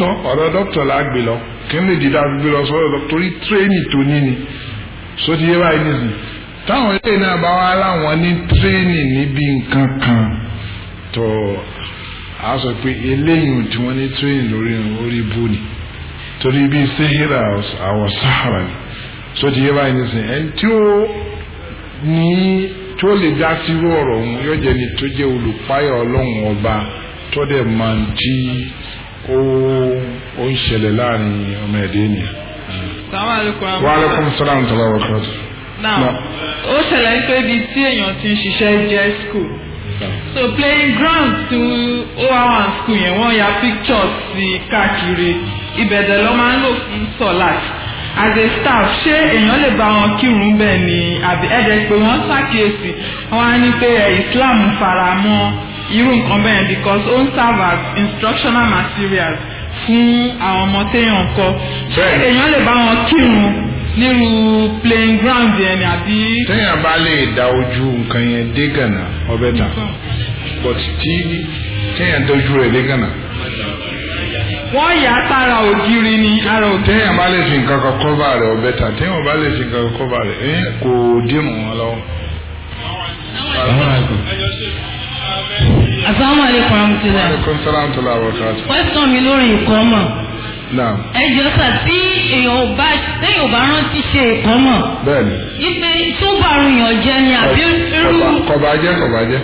dọ́kítọ̀ ọ̀dọ̀ dọ́kítọ̀ la gbé lọ kí n lè dìda gbé lọ sọ́dọ̀ dọ́kítọ̀ torí tírénì tó ní ni so ti yé báyìí nìyí táwọn ilé náà bá wá láwọn ní tírénì níbi nǹkan kan tó a sọ pé eléyìí tí wọ́n ní tírénì lórí orí bú torí bíi sehira àwọn sahara ni so ti yé báyìí nìyí ẹni tí ó ní tí ó lè dá sírú ọ̀rọ̀ òun yóò jẹ́ ni tó jẹ́ olùpáyọ̀ ọlọ́run ọba tó dẹ̀ máa ń jí ó ó ń ṣẹlẹ̀ láàrin ọmọ ẹ̀dẹ́ ènìyàn. wa alaikum salaam tó bá wọ kọ́tù. now ó ṣẹlẹ̀ pé ibi tí èèyàn ti ń ṣiṣẹ́ jẹ́ school so playing ground to ó wá school yẹn wọ́n ya pictures sí káàkiri ìbẹ̀dẹ̀ ló máa ń lò fún sọ̀láàtì as a staff ṣé èèyàn lè bá wọn kírun bẹ́ẹ̀ ni àbí ẹ̀dẹ̀ pé wọ́n ṣàkíyèsí wọ́n á ní pé Islam faramọ́ irú nǹkan bẹ́ẹ̀ because ó ń serve as instructional materials fún àwọn ọmọ téèyàn kọ ṣé èèyàn lè bá wọn kírun nírú playing ground yẹn ni àbí. téèyàn bá lè da ojú nǹkan yẹn dé gànà ọbẹ̀ dà but tí téèyàn dojú rẹ̀ dé gànà. wọ́n yà á tara ògiri ni ara ògiri. téèyàn bá lè fi nǹkan kan kọ́bà rẹ̀ ọbẹ̀ tà téèyàn bá lè fi nǹkan kan kọ́bà rẹ̀ eh, kò dìmọ̀ wọn lọ́wọ́ asalaamualeykum rahmatulah. aleykum salaam tula abakatu. question mi lórí ìkọ́mọ̀. naam. ẹ jọ sà tí èèyàn bá téèyàn bá rántí ṣe ìkọ́mọ̀. bẹ́ẹ̀ni. ipe tó bá run yàn jẹ ni àbí irú. kọba jẹ kọba jẹ.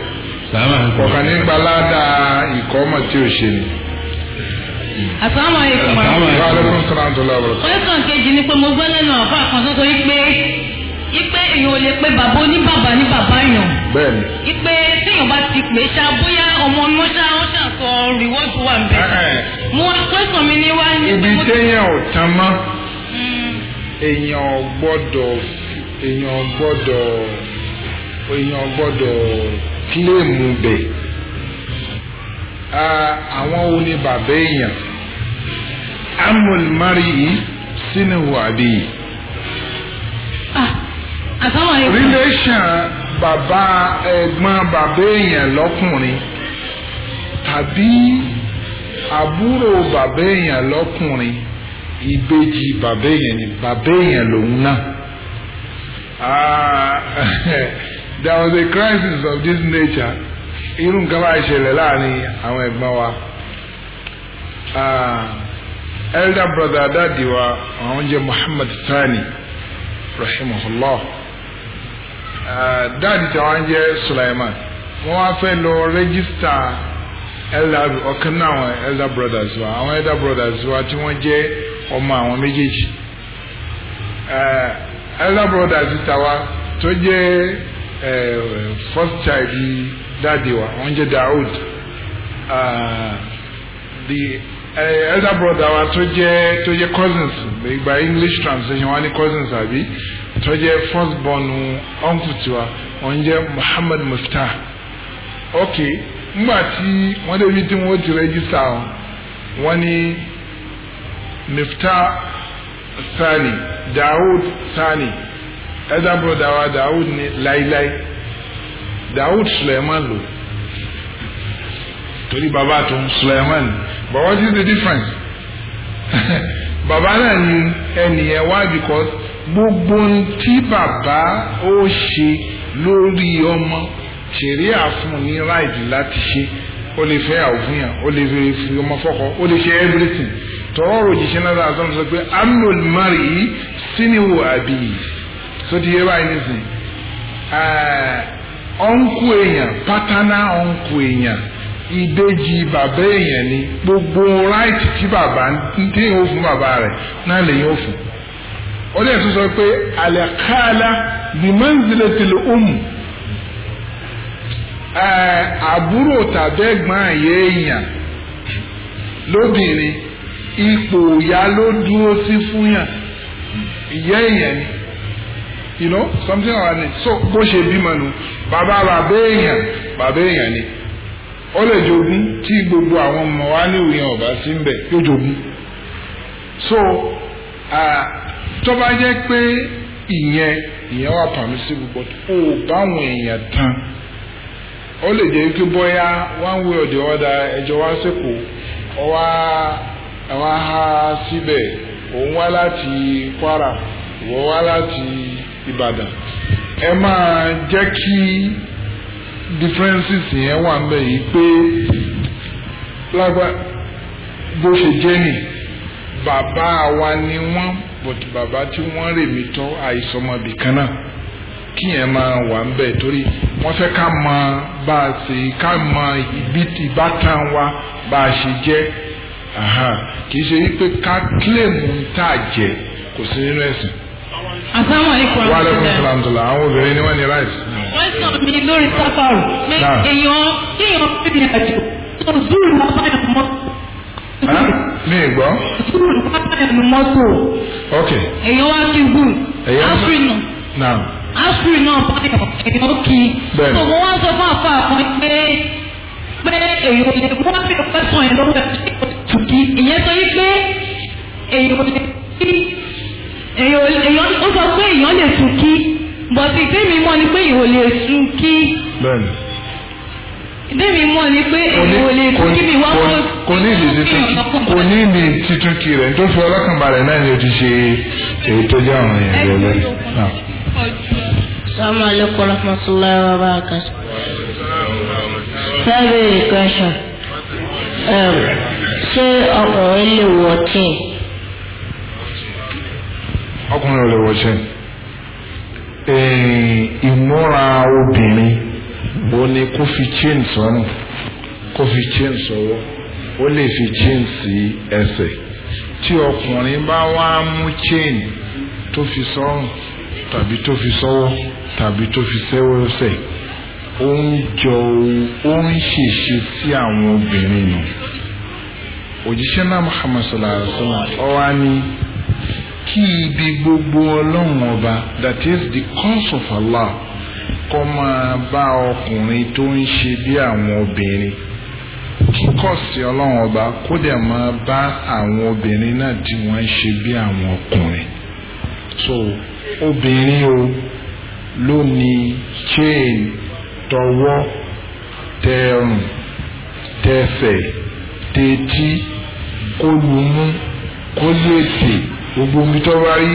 kọkàn nígbà ládàá ìkọ́mọ̀ tí o ṣe ni. asalaamualeykum. asalaamualeykum. aleykum salaam question kejì ni pé mo gbọ́ lẹ́nu àbá kan tó sọ pé ipe èèyàn ò lè pe bàbá oní bàbá ní bàbá yàn. bẹ́ẹ̀ni. ipe téèyàn bá ti pè é ṣá bóyá ọmọ ọmọ ṣá ó ṣàtọ rìwọ́ọ̀dù wà nbẹ. mo akẹ́kọ̀ọ́ mi ní wá ní. ibi téèyàn ò tán mọ́ hmm. èèyàn gbọ́dọ̀ èèyàn gbọ́dọ̀ èèyàn gbọ́dọ̀ kílèmù bẹ̀ àwọn wo ni bàbá èèyàn amúlmárì yìí sínú wàbí relation bàbá ẹ̀gbọ́n bàbá èèyàn lọ́kùnrin tàbí àbúrò bàbá èèyàn lọ́kùnrin ìbejì bàbá èèyàn ni bàbá èèyàn lòun náà. Ah, there was a crisis of this nature irú nǹkan bá ṣẹlẹ̀ láàrin àwọn ẹ̀gbọ́n wa. Ah, elder brother dadi wa àwọn jẹ́ Muhammad Sani rahimahullah dáàdì tí wọ́n jẹ́ Sulaiman wọ́n wá fẹ́ lọ rẹ́gísítà elder ọ̀kan náà àwọn elder brothers wa àwọn elder brothers wa tí wọ́n jẹ́ ọmọ àwọn méjèèjì uh, elder brothers tàwa tó jẹ́ uh, first child dáàdì wa wọ́n jẹ́ Daoud. Uh, Eh, elder brother wa tó jẹ́ tó jẹ́ cousins ìgbà english translation wa ní cousins àbí tó jẹ́ first born uncle tiwa wọ́n jẹ́ muhammad muftah ok ngbà tí wọ́n débi tí wọ́n ti register wọn wọ́n ní sani daoud sani elder brother wa daoud ni láíláí daoud suleiman lò torí bàbá tó ń suleiman but what is the difference? Baba náà ni ẹnìyẹn wá because gbogbo tí bàbá ó ṣe lórí ọmọ ṣẹ̀ríà fún ní right láti ṣe ó lè fẹ́ àwọn ó lè fi ọmọ fọ́kọ ó lè ṣe everything tọ́rọ̀ òjìṣẹ́ náà dáa sọ́nà sọ pé amnul mari siniwo àbí so ti yé báyìí nísìnyí ọ̀nkù èèyàn pátánà ọ̀nkù èèyàn ìbejì bàbá èèyàn ni gbogbo ráìtì tí bàbá tí èèyàn ó fún bàbá rẹ̀ náà lèèyàn ó fún ó dẹ̀ tún sọ pé àlẹ́kálá bí mọ́nzílẹ̀tìlẹ̀ umm. òmù àbúrò tàbí ẹ̀gbọ́n àyè èèyàn lóbìnrin ipò ìyá ló dúró sí fún yàn ìyá èèyàn ni you know something like that so bó ṣe bímọ nu bàbá bàbá èèyàn bàbá èèyàn ni. ọ lè jogún tí gbogbo àwọn ọmọ wa ní ìwòyàn ọ̀bá sí ń bẹ̀ yóò so tó bá jẹ́ pé ìyẹn ìyẹn wà sí but ó báwọn èèyàn tán ó lè jẹ́ pé bóyá one way or the other ẹjọ́ wá sẹ́kù àwọn aha síbẹ̀ òun wá Kwara wá láti Ìbàdàn ẹ máa jẹ́ kí. differences yẹn wà ń bẹ yìí pé lágbá bó ṣe jẹ́ nì bàbá wa ni wọ́n but bàbá tí wọ́n rè mí tọ́ àìsọmọbì kan náà kíyẹn máa wà ń bẹ torí wọ́n fẹ́ ká mọ bá a ṣe ká mọ ibi ìbátan wa bá a ṣe jẹ́ kì í ṣe wípé ká kílèmù tá a jẹ kò sí nínú ẹ̀sìn. asalaamualeykum wa rahmatulah. wa aleykum salaam àwọn obìnrin ni wọ́n ní rice wọ́n sọ mi lórí sáfàrù pé èèyàn kéèyàn bèbè àjò tó zúù wá báyà mọ́. mi gbọ́. zúù wá báyà mọ́tò. ok. èèyàn wá kí zúù. èèyàn áfírì náà. áfírì náà báyà èèyàn kí. bẹ́ẹ̀ ni. mo wá sọ fún àfa àpọn pé pé èèyàn lè wá bí ọ̀pẹ́ sàn yẹn lọ́wọ́ tùkì ìyẹn sọ yìí kí èèyàn ó sọ pé èèyàn lè tùkì bọ̀tí tèmi mọ̀ ni pé ìwò lè sun kí. bẹ́ẹ̀ni. tèmi mọ̀ ni pé ìwò lè sun kí mi wá kó. kò ní ìdí títún kò ní ìdí títún kí rẹ̀ tó fi ọlọ́kànbalẹ̀ náà ni o ti ṣe èyí tó jẹ́ àwọn èèyàn rẹ̀ lẹ́yìn. Ah. Assalamu alaikum warahmatullahi wabarakatuh. Fẹ́ẹ̀rẹ̀ ìkẹ́sàn. Ṣé ọkùnrin lè wọ̀ chain? Ọkùnrin ò lè wọ̀ chain ìmúra obìnrin ó ní kó fi chain sọ́rùn kó fi chain sọ́wọ́ ó lè fi chain sí ẹsẹ̀ tí ọkùnrin bá wá mú chain tó fi sọ́rùn tàbí tó fi sọ́wọ́ tàbí tó fi sẹ́wọ́sẹ̀ ó ń jọ ó ń ṣèṣe sí àwọn obìnrin nù òjíṣẹ́ náà Muhammad sallallahu alaihi wa sallam ọ wá ní kí ibi gbogbo ọlọ́run ọba that is the cause of Allah kọ́ máa bá ọkùnrin tó ń ṣe bí àwọn obìnrin kíkọ́ sí ọlọ́run ọba kó dẹ̀ máa bá àwọn obìnrin náà tí wọ́n ń ṣe bí àwọn ọkùnrin so obìnrin o ló ní chain tọwọ́ tẹrùn tẹsẹ̀ tẹtí kó lumú gbogbo ibi tó bá rí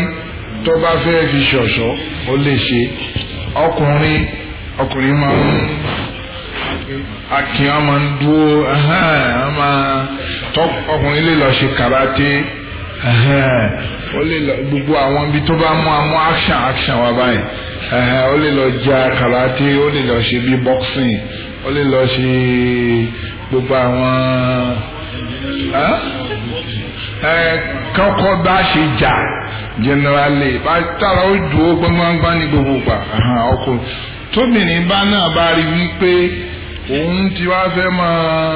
tó bá fẹ́ fi ṣọ̀ṣọ́ ó lè ṣe ọkùnrin ọkùnrin máa ń akin ọmọ ń dúró ọkùnrin lè lọ ṣe karate ó lè lọ gbogbo àwọn ibi tó bá mú amú action action wá báyìí ó lè lọ ja karate ó lè lọ ṣe bí boxing ó lè lọ ṣe gbogbo àwọn ẹ kọ́kọ́ bá ṣe jà generally bá tààrà ó dùn ó gbọ́ngbọ́ngbá ní gbogbo gbà ọkọ tóbìnrin bá náà bá rí wípé òun ti wá fẹ́ máa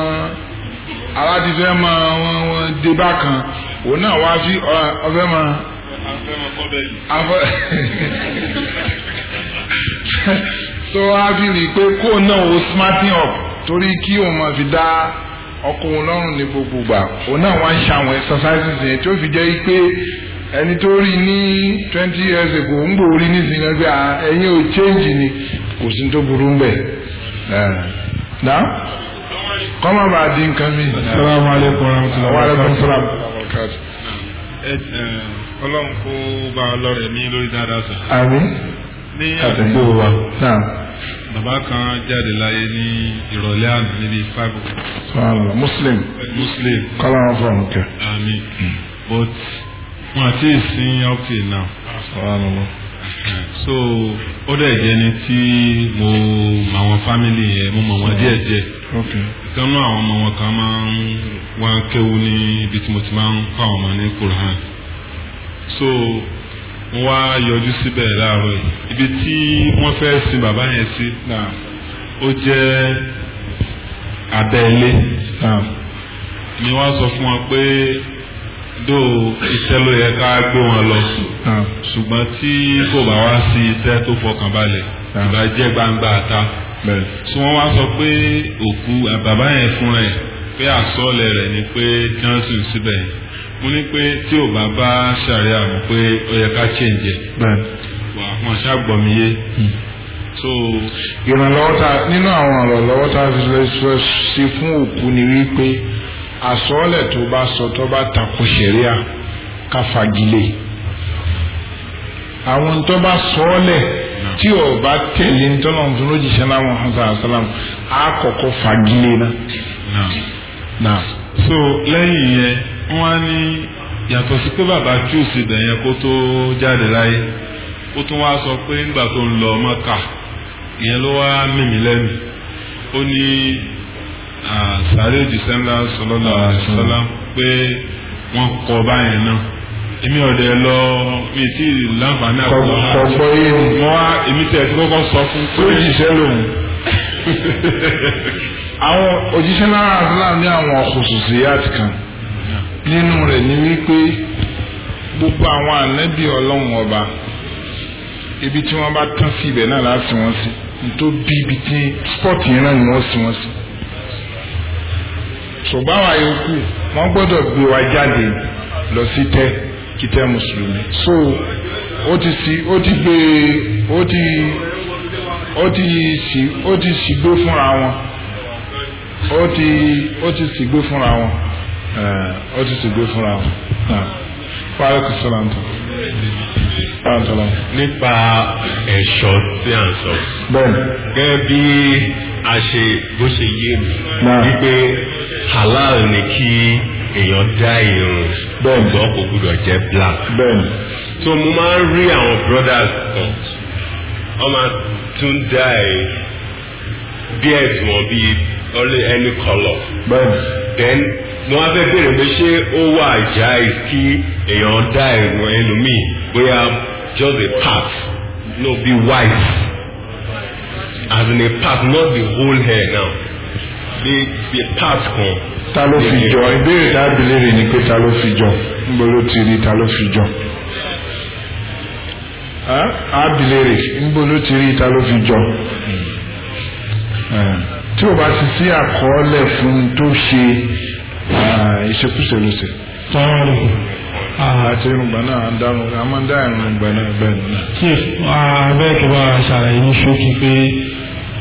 ara ti fẹ́ máa wọn wọn dé bákan òun náà wá sí ọfẹ́ máa. so a fi rí i pé kóun náà ó smarting up torí kí òun máa fi dá. Ọkụ lọ́rùn ní gbogbo gbà òun náà wá ń ṣe àwọn tí ó fi jẹ́ pé ẹni ní twenty years ago ń rí nísìnyí náà pé ẹ̀yin ò change ni kò sí tó burú ń bẹ̀. Dá kọ́má bá di nǹkan mi. Asalaamu alaykum wa Wa Ọlọ́run kó bá ní lórí dáadáa bàbá kan jáde láyé ní ìrọ̀lẹ́ àná níbi five o'clock. sọ́ọ̀lá muslim. muslim. kọ́lá wọn fọ àwọn kẹ. but wọn àti ìsìn up till now. sọ́ọ̀lá lọ. so ó dẹ̀ jẹ́ ni tí mo mọ àwọn family yẹn mo mọ wọn díẹ̀ díẹ̀. ìkan náà àwọn ọmọ wọn kan máa ń wá kéwu ní ibi tí mo ti máa ń kọ́ àwọn ọmọ ní Quran so mo wá yọjú síbẹ̀ láàárọ̀ yìí ibi tí wọ́n fẹ́ sin bàbá yẹn sí ó jẹ́ abẹ́lé ni wọ́n sọ fún wọn pé dó iṣẹ́ ló yẹ ká gbé wọn lọ ṣùgbọ́n tí kò bá wá sí iṣẹ́ tó fọkàn balẹ̀ ìbàjẹ́ gbangba ta tí wọ́n wá sọ pé òkú bàbá yẹn fúnra ẹ̀ pé àsọ̀lẹ̀ rẹ̀ ni pé kí wọ́n síbẹ̀ yìí. mo ní pé tí ò bá bá ṣàríà mọ̀ pé ó yẹ ká change ẹ̀ wà wọn yé hmm. so. ìrànlọ́wọ́ ta nínú àwọn ìrànlọ́wọ́ ta ṣe fún òkú ni wípé àsọ́ọ̀lẹ̀ tó bá sọ tó bá tako ṣẹ̀ríà ká fagilé àwọn tó bá sọ́ọ̀lẹ̀ tí ò bá tẹ̀lé ní tọ́lọ̀ fún lójijì náà so lẹ́yìn yẹn. wọ́n á ní yàtọ̀ sí pé bàbá chúùsì bẹ̀yẹn kó tó jáde láyé ó tún wá sọ pé nígbà tó ń lọ Mọ́kà ìyẹn ló wá mímì lẹ́nu ó ní sàárè jùsẹ́ńlá sọlọ́lá sọlá pé wọ́n kọ báyẹn náà èmi ọ̀dẹ̀ lọ mi láǹfààní yé mi tẹ̀ tí kọ́kọ́ sọ fún lòun àwọn òjíṣẹ́ ní àwọn kan. nínú rẹ̀ ni wípé gbogbo àwọn ànábì ọlọ́run ọba ibi tí wọ́n bá tán sí ibẹ̀ náà láti wọ́n sí tó bí ibi tí spọ́ọ̀tì yẹn náà ni wọ́n sí wọ́n sí. ṣùgbọ́n àwọn àyòkù wọ́n gbọ́dọ̀ gbé wa jáde lọ sí tẹ́ kìtẹ́ mùsùlùmí. so ó ti sí ó ti gbé ó ti ó ti sì ó ti sì gbó fúnra wọn ó ti ó ti sì gbó fúnra wọn ọ eh, ti ti gbé fúnra wọn. Fáyọ̀ kò sọ̀rọ̀ àǹtọ̀. Àǹtọ̀lá. Nípa ẹ̀ṣọ́ tí à ń sọ. Bẹ́ẹ̀ni. Gẹ́gẹ́ bí a ṣe bó ṣe yé mi. Wípé halal ni kí èèyàn dá irun. Bẹ́ẹ̀ni. Ṣùgbọ́n kò gbúdọ̀ jẹ́ black. Bẹ́ẹ̀ni. So mo máa ń rí àwọn brothers kan. Wọ́n máa tún dá ẹ̀ bí ẹ̀sùn wọn bíi ẹni kọlọ̀. Bẹ́ẹ̀ni. Then mo wá fẹ́ béèrè pé ṣé ó wà jáìs kí èèyàn dá ẹ̀gbọ́n ẹlòmíì bóyá just a part no be wife as in a part not the whole hair now the the part kan. ta ló fi jọ ìbéèrè dábìlérè ni pé ta ló fi jọ níbo ló ti rí ta ló fi jọ ábìlérè níbo ló ti rí ta ló fi jọ tí o bá ti sí àkọọ́lẹ̀ fún tó ṣe ìṣekúṣe ló ṣe. àti irungba náà dáhùn a máa ń dá irungba náà bẹ́ẹ̀ nù náà. chief abẹ́ kí wàá ṣàlàyé ní ṣókí pé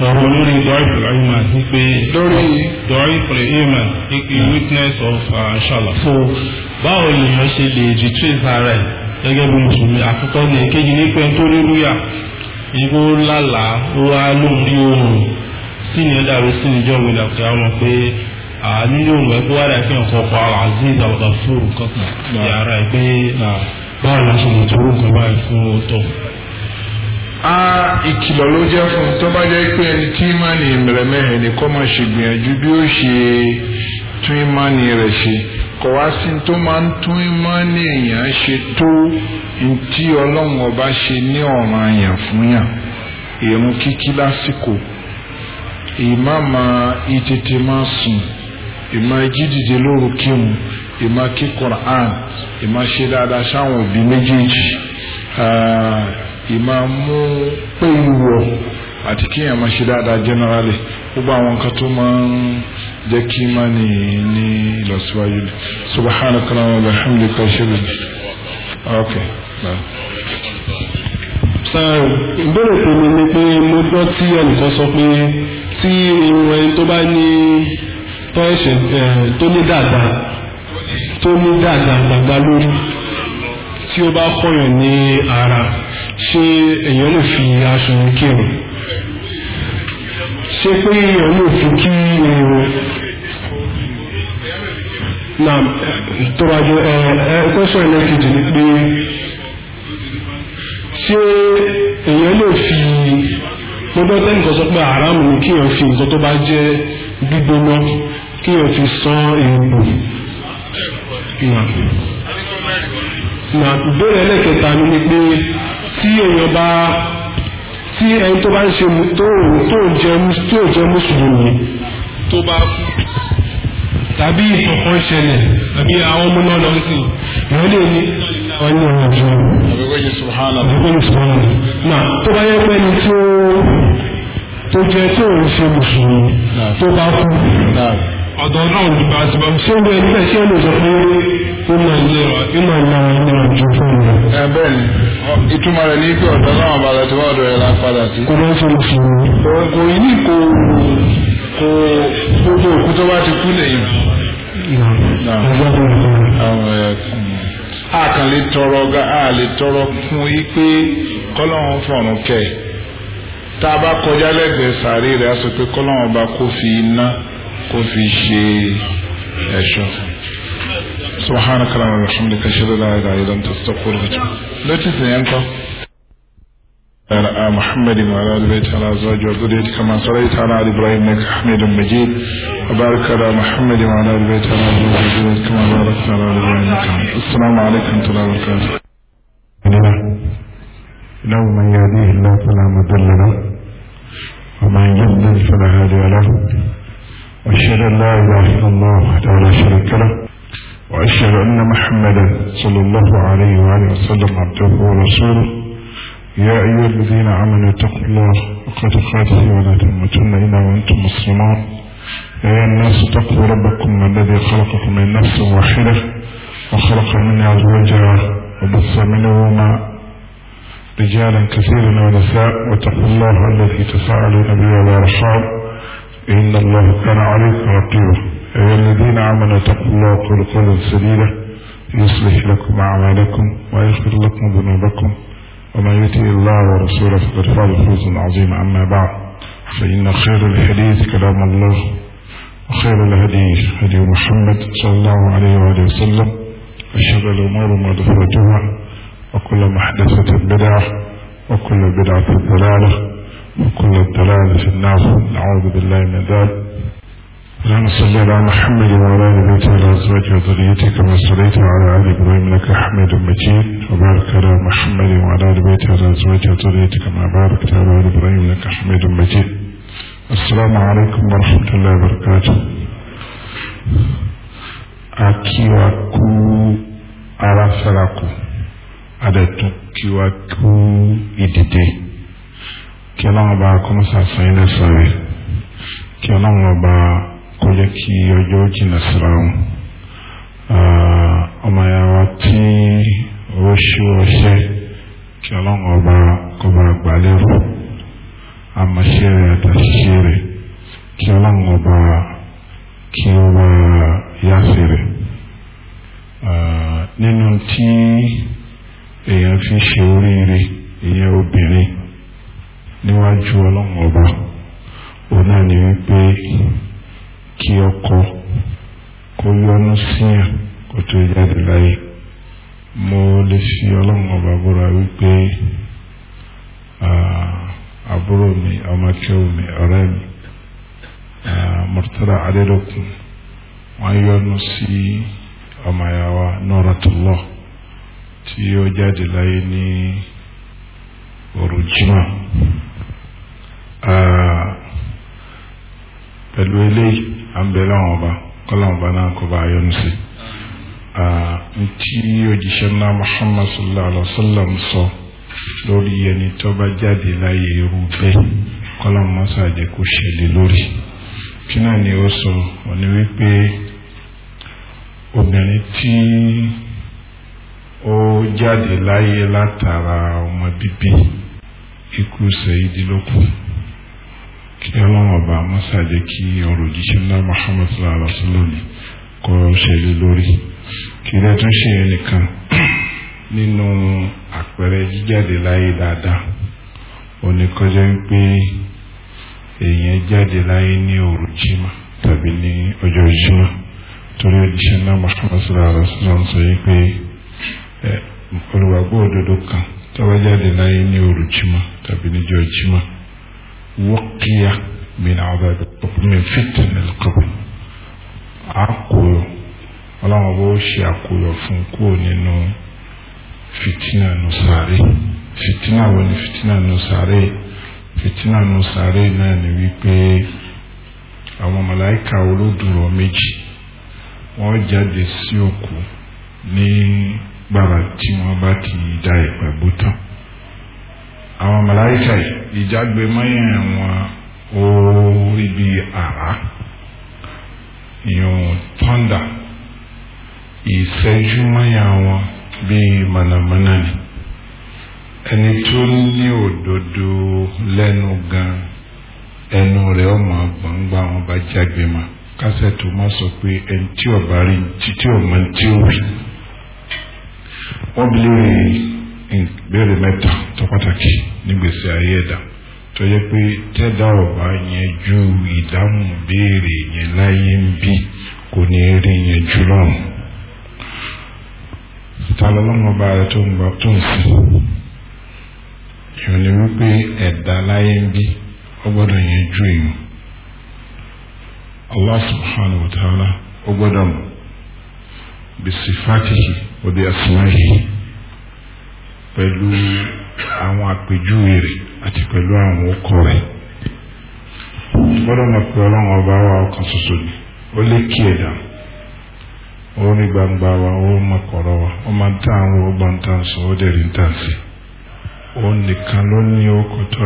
ọ̀rọ̀ lórí dọ́ìfù ìmà ní pé lórí dọ́ìfù ìmà ní witness of ah, inshallah. so báwo ni èèyàn ṣe lè retrieve ara ẹ̀ gẹ́gẹ́ bí mùsùlùmí àkọ́kọ́ ní èkejì ní pé tó rí rúyà ìbò lálàá ó wá lóun rí oòrùn sí ni ẹ dàrú sí ni ìjọba ìdàkọ̀ àwọn pé nínú òun ẹgbẹ́ wà láti ọ̀kọ̀ pa aziz al-Ghafur kankan yàrá ẹ pé báwo la ṣe lè tóró nǹkan báyìí fún ọtọ. a ìkìlọ̀ ló jẹ́ fún tó bá jẹ́ pé ẹni tí ìmánì mẹ̀rẹ̀mẹ̀rẹ̀ ni kó máa ṣe gbìyànjú bí ó ṣe tún ìmánì rẹ̀ ṣe kò wá sí tó máa ń tún ìmánì èèyàn ṣe tó ntí ọlọ́run ọba ṣe ní ọ̀ràn àyàn fún yàn ìrun kíkí lásìkò ìmáàmà ìtètè máa sùn ìmọ̀ jíjìde lóru kímu ìmọ̀ kí Quran ìmọ̀ ṣe dáadáa sáwọn òbí méjèèjì ìmọ̀ mú pé ìwọ̀ àti kí èèyàn máa ṣe dáadáa generally gbogbo àwọn nǹkan tó máa ń jẹ́ kí má ní ní ìlọsíwájú ni subhanaka wa bihamdika ṣẹlẹ̀ ok. ìbéèrè tèmi ni pé mo gbọ́ tí ẹnìkan sọ pé tí irun ẹni tó bá ní tó ẹ̀ṣẹ̀ eh, tó ní dàgbà tó ní dàgbà gbàgbà lórí tí ó bá kọ̀yàn ní ara ṣé èèyàn lè fi aṣọ kírun ṣé pé èèyàn lè fi kí irun náà tó bá jẹ ẹ eh, ẹ eh, kọ́sọ̀ ẹlẹ́kejì ni pé ṣé èèyàn lè fi mo bẹ́ẹ̀ nǹkan sọ pé àràmù ni kí èèyàn fi nǹkan tó bá jẹ́ gbígbóná kí o fi san èèpù na ìbéèrè ẹlẹ́kẹta ni wípé tí èèyàn bá tí ẹni tó bá ń ṣe tó ò jẹ́ mùsùlùmí tó bá kú tàbí ìtọ̀kan ṣẹlẹ̀ tàbí àwọn ọmọ náà lọ́sìn ìwọ́n lè ní ọ̀nà ọ̀jọ́ àbẹ̀wẹ̀yẹ subhanallah náà tó bá yẹ pẹ́ni tó jẹ́ tó ń ṣe mùsùlùmí tó bá kú ọ̀dọ̀ náà ní bá ti bá ṣé ń bẹ nígbà tí ó lè sọ pé ó máa ń lera ó máa ń lera ní ọjọ́ fún mi. ẹ bẹ́ẹ̀ ni ìtumọ̀ rẹ̀ ní pé ọ̀dọ̀ náà bá lọ́ọ́ ti wá ọ̀dọ̀ rẹ̀ la padà sí. kò ló ń fún fún mi. kò ní kò kò gbogbo òkú tó bá ti kú lẹ́yìn. a kàn lè tọrọ a lè tọrọ fún yí pé kọ́lọ́run fọ̀run kẹ̀ tá a bá kọjá lẹ́gbẹ̀ẹ́ sàárè rẹ̀ a sọ pé kọ́lọ́run ọba kò fi iná. وفي شيء ṣe ẹ̀ṣọ́ subahana kalama alhamdu kashiru la ilaha illa anta astaghfiruka notice yẹn kọ. على محمد وعلى ال بيت على ازواج وذريته كما صليت على ال ابراهيم انك حميد مجيد وبارك على محمد وعلى ال بيت على ازواج وذريته كما باركت على ال ابراهيم انك حميد السلام عليكم ورحمه الله وبركاته. له من يهديه الله فلا مضل له ومن يضلل فلا هادي له وأشهد أن لا إله إلا الله وحده لا شريك له وأشهد أن محمدا صلى الله عليه وآله وسلم عبده ورسوله يا أيها الذين آمنوا اتقوا الله وقد خاته ولا تموتن إلا وأنتم مسلمون يا أيها الناس اتقوا ربكم الذي خلقكم من نفس واحدة وخلق منها زوجها وبث منهما رجالا كثيرا ونساء واتقوا الله الذي تساءلون به والأرحام إن الله كان عليكم رقيبا يا الذين آمنوا اتقوا الله وقولوا قولا سديدا يصلح لكم أعمالكم ويغفر لكم ذنوبكم ومن يؤتي الله ورسوله فقد فاز فوزا عظيما أما بعد فإن خير الحديث كلام الله وخير الهدي هدي محمد صلى الله عليه وآله وسلم وشر الأمور محدثاتها وكل محدثة بدعة وكل بدعة ضلالة وكل الدلالة في النار نعوذ بالله من ذلك اللهم صل على محمد وعلى ال بيته وعلى ازواجه وذريته كما صليت على ال ابراهيم انك حميد مجيد وبارك على محمد وعلى ال بيته وعلى ازواجه وذريته كما باركت على ال ابراهيم انك حميد مجيد السلام عليكم ورحمة الله وبركاته akiwaku ara fẹ́ra kù adẹ̀tún kiwaku kí ọlọ́run bá kọ́mọ́sà san ilé sọ̀rọ̀ kí ọlọ́run bá kó jẹ́ kí ọjọ́ jìnnà síra wọn ah, ọmọ ya wa tí ó ṣú ọṣẹ́ kí ọlọ́run ọba kó bá gbà lérò àmọ́ṣe rẹ̀ àtàṣiṣe rẹ̀ kí ọlọ́run ọba kí ó bá yáṣe rẹ̀ ah, nínú tí èèyàn fi ṣe oríire ìyẹn obìnrin níwájú ọlọ́run ọba òun náà ni wípé kí ọkọ kó yọnu síyàn kó tó jáde láyé mo lè fi ọlọ́run ọba búra wípé àbúrò mi ọmọkẹ́wò mi ọ̀rẹ́ mi Murtala Adédọ́kun wọ́n yọnu sí ọmọ àyàwá tí ó jáde láyé ní òrùjúmọ́. Ah, pẹ̀lú eléyìí à ń bẹ láwọn ọba kọ́láwọn ọba náà kọ́ bá a yọnu sí i ah, tí òjíṣẹ́ ńlá Muhammad sallallahu alaihi wa sallam sọ lórí ẹni tó bá jáde láyé irú bẹ́ẹ̀ kọ́láwọn mọ́sá jẹ́ kó ṣẹlẹ̀ lórí kí náà ni ó sọ wọ́n ní wípé obìnrin tí ó jáde láyé látara ọmọ bíbí ikú sẹ́yìn dín kí ọlọ́run ọba mọ́sá jẹ́ kí ọ̀rọ̀ òjíṣẹ́ ńlá Muhammad sallallahu alaihi wasallam kọ́ ṣẹlẹ̀ lórí kí ilé tún ṣe ẹnìkan nínú àpẹẹrẹ jíjáde láyé dáadáa òní kọjá wípé èèyàn jáde láyé ní òru jimá tàbí ní ọjọ́ jimá torí òjíṣẹ́ ńlá sallallahu alaihi sọ olùwàgbọ́ òdodo kan jáde láyé ní tàbí wọ́kíyà min àbẹ̀dẹ̀ min fitin al-qabr àkóyọ ọlọ́run ọba ó ṣe àkóyọ fún kúrò nínú fitina nusare fitina wo ni fitina nusare fitina nusare náà ni wípé àwọn màláìka olódùrọ̀ méjì wọ́n jáde sí òkú ní gbàrà tí wọ́n bá ti dá ìpàgbó tán. àwọn màláíkà ìjágbe mọ́yẹ̀ wọn orí bí ara ìyún tọ́ndà ìṣẹ́jú mọ́yẹ̀ wọn bí mànàmáná ni ẹni tó ní òdodo lẹ́nu gan ẹnu rẹ̀ ó máa gbọ̀ngbà wọn bá jágbe mọ́ kásẹ̀tù má sọ pé ẹni tí ọ̀bá rí títí ọ̀mọ tí ó rí wọ́n bí lórí ìbéèrè mẹ́ta tó pàtàkì nígbèsè ayé ẹ̀dá tó yẹ pé tẹ́dá ọ̀bá yẹn ju ìdáhùn béèrè yẹn láyé ń bì kò ní rí yẹn jù lọ́rùn. ta lọ́lọ́mọ rẹ tó ń gbọ́ tó ń sìn ìyọ̀n wípé ẹ̀dá láyé ń bì ó gbọ́dọ̀ yẹn ju èèyàn. pẹ̀lú àwọn àpèjúwe rẹ̀ àti pẹ̀lú àwọn ọkọ rẹ̀ gbọ́dọ̀ mọ̀ pé ọlọ́run ọba wa ọkàn ṣoṣo ni ó lé kí ẹ̀dá ó ní gbangba wa ó mọ̀ kọ̀rọ̀ wa ó máa ń tán ń sọ ó dẹ̀ rí ń sí ó nìkan ló ní ọkọ̀ tó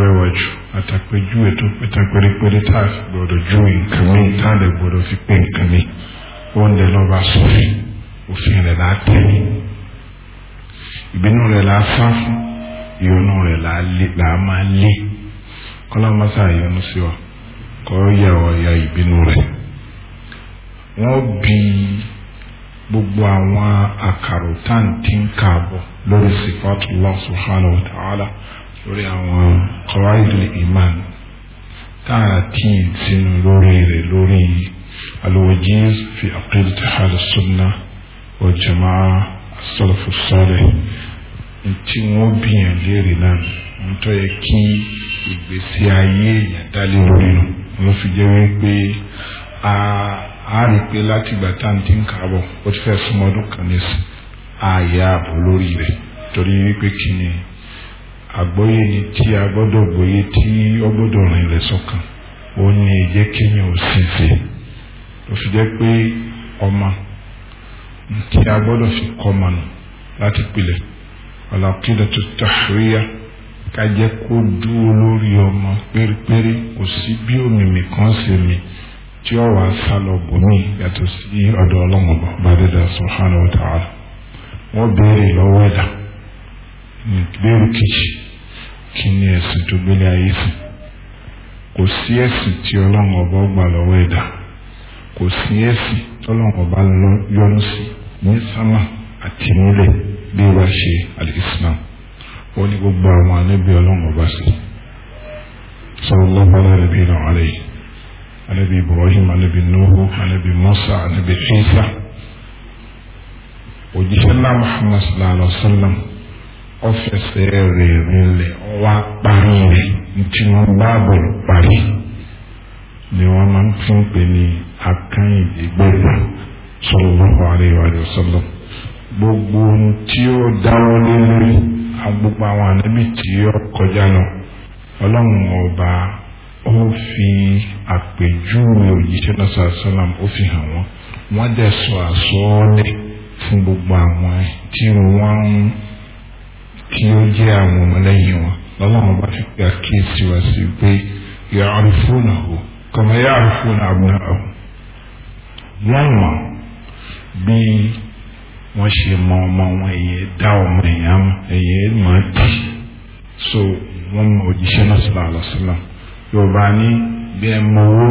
ìbínú rẹ̀ là á sá fún ìyọnu rẹ̀ là á máa lé kọ́lá mọ́sá ìyọnu sí wa kọ́ yà ọ́ ya ìbínú rẹ̀ wọ́n bi gbogbo àwọn àkàrò táǹtì ń kààbọ̀ lórí sifatullah subhanahu wa ta'ala lórí àwọn qawaidul iman táàtì sínú lórí rẹ̀ lórí alwajiz fi aqidati ahlus sunnah wal jamaah. sọlọ́fù sọ́ọ̀lẹ̀ tí wọ́n bìyàn léèrè náà ń tọ́ yẹ kí ìgbésí ayé èèyàn dálé lórí nù ló fi a rí pé láti ìgbà tá à ń ti ń kààbọ̀ ó ti fẹ́ súnmọ́ ọdún kan nísìn ààyè kí ni tí tí a gbọ́dọ̀ fi kọ́ mọ̀nà láti pilẹ̀ alaqidatu tahriya ká jẹ́ kó dúró lórí ọmọ pérépéré kò sí bí òmìmì kan ṣe mi tí ó wàá sá lọ bòmí yàtọ̀ sí ọ̀dọ̀ ọlọ́run ọba bàdẹ́dà subhanahu wa ta'ala wọ́n béèrè lọ́wọ́ ẹ̀dá ìbéèrè kejì kí ni ẹ̀sìn tó gbélé ayé sìn kò sí ẹ̀sìn tí ọlọ́run gbà lọ́wọ́ ẹ̀dá kò sí ẹ̀sìn tọ́lọ́run ọba sí ní sámà àti nílẹ̀ bí wá ṣe alìsílám ó ní gbogbo àwọn anábì ọlọ́run ọba sí sallallahu alaihi wa alayhi anabi ibrahim anabi nuhu anabi musa anabi isa òjíṣẹ́ ńlá muhammad sallallahu alaihi wa sallam ọfẹsẹ̀ rẹ̀ rinlẹ̀ ọwọ́ parí rẹ̀ ntí wọ́n bá bọ̀ parí ni wọ́n máa ń fi ń pè ní akányìndégbèrè. sallallahu alayhi wa sallam gbogbo tí ó dáwọ́ agbogbo àwọn tí ó kọjá lọ ọlọ́run ọba ó fi àpèjúwe òjíṣẹ́ náà ó fi hàn wọ́n wọ́n dẹ̀ sọ wọ́n ń tí ó jẹ́ bí wọ́n ṣe mọ ọmọ wọn ẹ̀yẹ dá ọmọ ẹ̀yà mọ̀ ẹ̀yẹ mọ̀ ẹ́ bí so wọ́n mọ òjíṣẹ́ náà sọ̀rọ̀ àlọ́sọ̀lá yorùbá ní bí ẹ mọ owó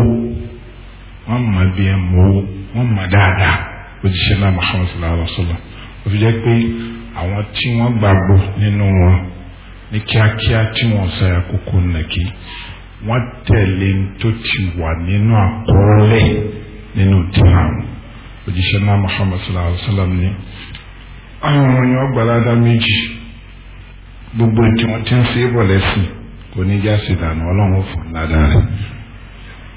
wọ́n mọ bí ẹ mọ owó wọ́n mọ dáadáa òjíṣẹ́ náà Muhammad sọ̀rọ̀ àlọ́sọ̀lá ó fi jẹ́ pé àwọn tí wọ́n gbàgbọ́ nínú wọn ní kíákíá tí wọ́n sọ àkókò nàkí wọ́n tẹ̀lé tó ti wà nínú àkọọ́lẹ̀ nínú tìrààmù òjíṣẹ́ náà Muhammad sallallahu alayhi wa sallam ni àwọn ọmọ yẹn ọgbàládá méjì gbogbo tí wọ́n ti ń ṣe é bọ̀ lẹ́sìn kò ní já sí ìdáná ọlọ́run fún ládàá rẹ̀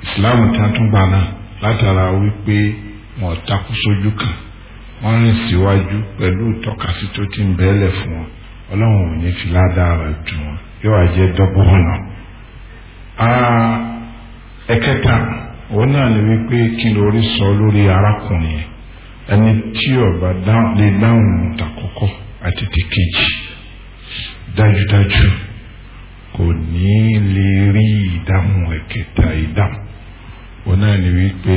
ìsìláàmù tí wọ́n tún gbà náà látara wípé wọn takú sójú kan wọ́n rìn síwájú pẹ̀lú ìtọ́kasí tó ti ń bẹ́ẹ̀lẹ̀ fún wọn ọlọ́run ò ní fi ládàá rẹ̀ dùn wọn yóò wá jẹ́ dọ́gbọ́n náà. Ah, ẹ̀kẹta. òun náà ni wípé kí lórí sọ lórí arákùnrin yẹn ẹni tí ọba lè dáhùn tàkọ́kọ́ àti tìkejì dájúdájú kò ní lè rí ìdáhùn ẹ̀kẹta ìdáhùn òun náà ni wípé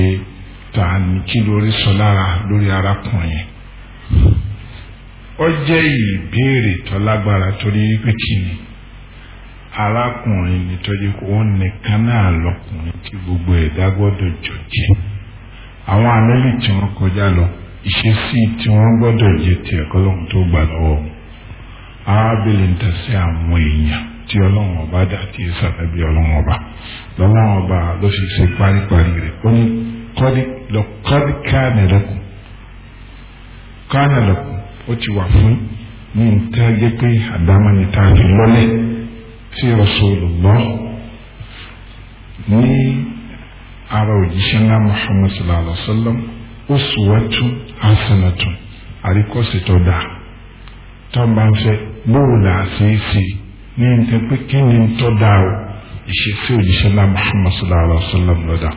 ta ni kí sọ lára lórí arákùnrin yẹn Ọ ìbéèrè lágbára torí arákùnrin ni tọ́jú kó nìkan náà lọkùnrin tí gbogbo ẹ̀dá gbọ́dọ̀ jọ jẹ́ àwọn àmẹ́lì tí wọ́n kọjá lọ ìṣesí tí wọ́n gbọ́dọ̀ ti ẹ̀kọ́ lọ́hùn tó gbà lọ́wọ́ wọn arábìnrin ń tẹ̀sí àwọn èèyàn tí ọlọ́run ọba dá tí ẹ ọlọ́run ọba ọba ló fi ṣe paríparí rẹ̀ ó ní kọ́dí ti wà tí Rasulullah ní ara òjíṣẹ́ ńlá Muhammad sallallahu alaihi wa sallam uswatun hasanatun àríkọ́sí tó dáa tó bá ń fẹ́ bóòlù àṣeyíṣe ní nǹkan pé kí ni tó dáa o ìṣesí òjíṣẹ́ ńlá Muhammad sallallahu alaihi wa sallam lọ́dà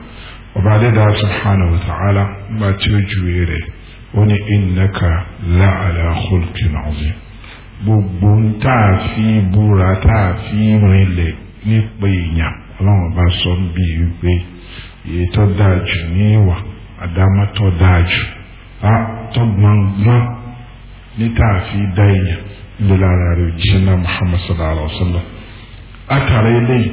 ọba adédáa subhanahu wa ta'ala bá tí ó ju rẹ̀ ó ní innaka la'ala khulqin azim gbogbo ń tá a fi búra tá a fi rinlẹ̀ nípa èèyàn ọlọ́run bá sọ ń bí wípé èyí tó dáa jù ní ìwà àdámọ́ tó dáa jù á tó gbọ̀ngbọ̀n ní tá a fi dá èèyàn ló lára rẹ̀ jìnnà Muhammad sallallahu alaihi wa sallam látara eléyìí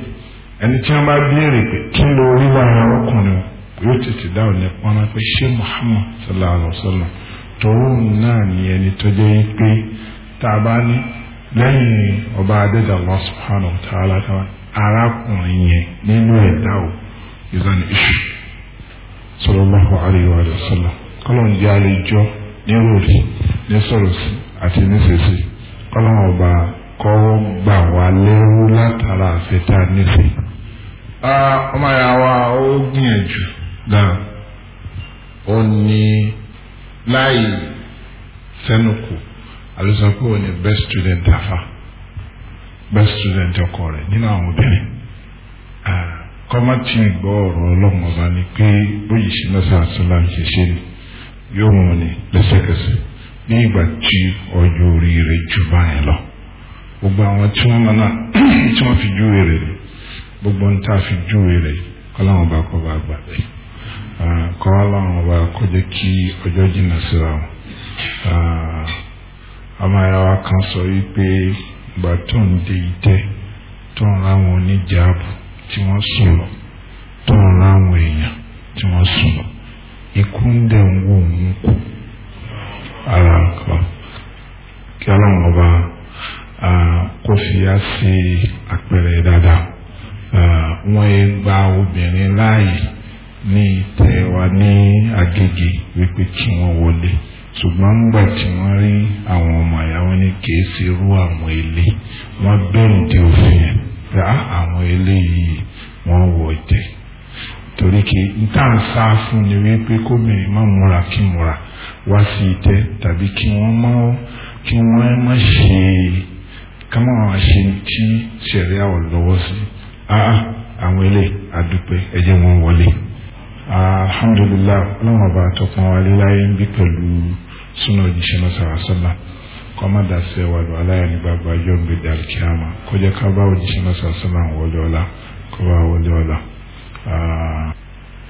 ẹni tí wọn bá béèrè pé kí ló rí lára ọkùnrin yóò tètè dáhùn ní pọnà pé ṣé Muhammad sallallahu alaihi wa sallam tòun náà ni ẹni tó jẹ́ pé. tá a lẹ́yìn ọba adéjà subhanahu wa ta'ala arákùnrin yẹn nínú ẹ̀dá o is an issue sallallahu alayhi wa sallam kọ́lọ̀ ń jẹ́ ní ní àti ọba kọ́ gbà wá lẹ́rú látara àfẹ́tà nífẹ̀ẹ́. ọmọ wa ó gbìyànjú àlùsọ pé òun ni best student afa best student ọkọ rẹ̀ nínú àwọn obìnrin kọ́má tí ń gbọ́ ọ̀rọ̀ ọlọ́run ọba ni pé bóyì sí mẹ́sà sọ́lám ṣe ṣe ni yóò mú ni lẹ́sẹ̀kẹsẹ̀ ní ìgbà tí ọjọ́ orí rẹ̀ jù báyìí lọ gbogbo àwọn tí wọ́n mọ̀nà tí wọ́n fi júwe rẹ̀ ni gbogbo ń tá fi júwe rẹ̀ kọ́láwọn ọba kọ́ bá gbà bẹ́ẹ̀ kọ́láwọn ọba kọjá kí ọjọ́ jìnnà síra wọn ọmọ ẹ̀yà wa kan sọ wípé ìgbà tó ń de ìtẹ́ tó ń ráwọn oníjàábù tí wọ́n sùn lọ tó ń ráwọn èèyàn tí wọ́n sùn lọ ikú ń dẹ̀ ń wò ń kú ara kan kí ọlọ́run ọba kó fi á sí àpẹẹrẹ dáadáa wọ́n yẹ gba obìnrin láàyè ní ìtẹ́ wa ní Agége wípé kí wọ́n wọlé. ṣùgbọ́n ńgbà tí wọ́n rí àwọn ọmọ àyà wọn ní kìí ṣe irú àwọn ilé wọ́n bẹ́ǹdì òfin ẹ̀ rà ah, àwọn eléyìí wọ́n wọ̀ jẹ́ torí kí n tá à ń sá fún ni wípé má múra kí múra wá sí ìtẹ́ alhamdulillah ọlọ́run ọba àtọkùn wa líláyé ń bí pẹ̀lú súnà òjíṣẹ́ náà sàrásánà kọ́ má dà sí ẹwà lọ aláya ní gbàgbọ́ ayọ́ ń gbèdé alikiyama kó jẹ́ ká bá òjíṣẹ́ náà sàrásánà wọlé ọ̀la kó bá wọlé ọ̀la.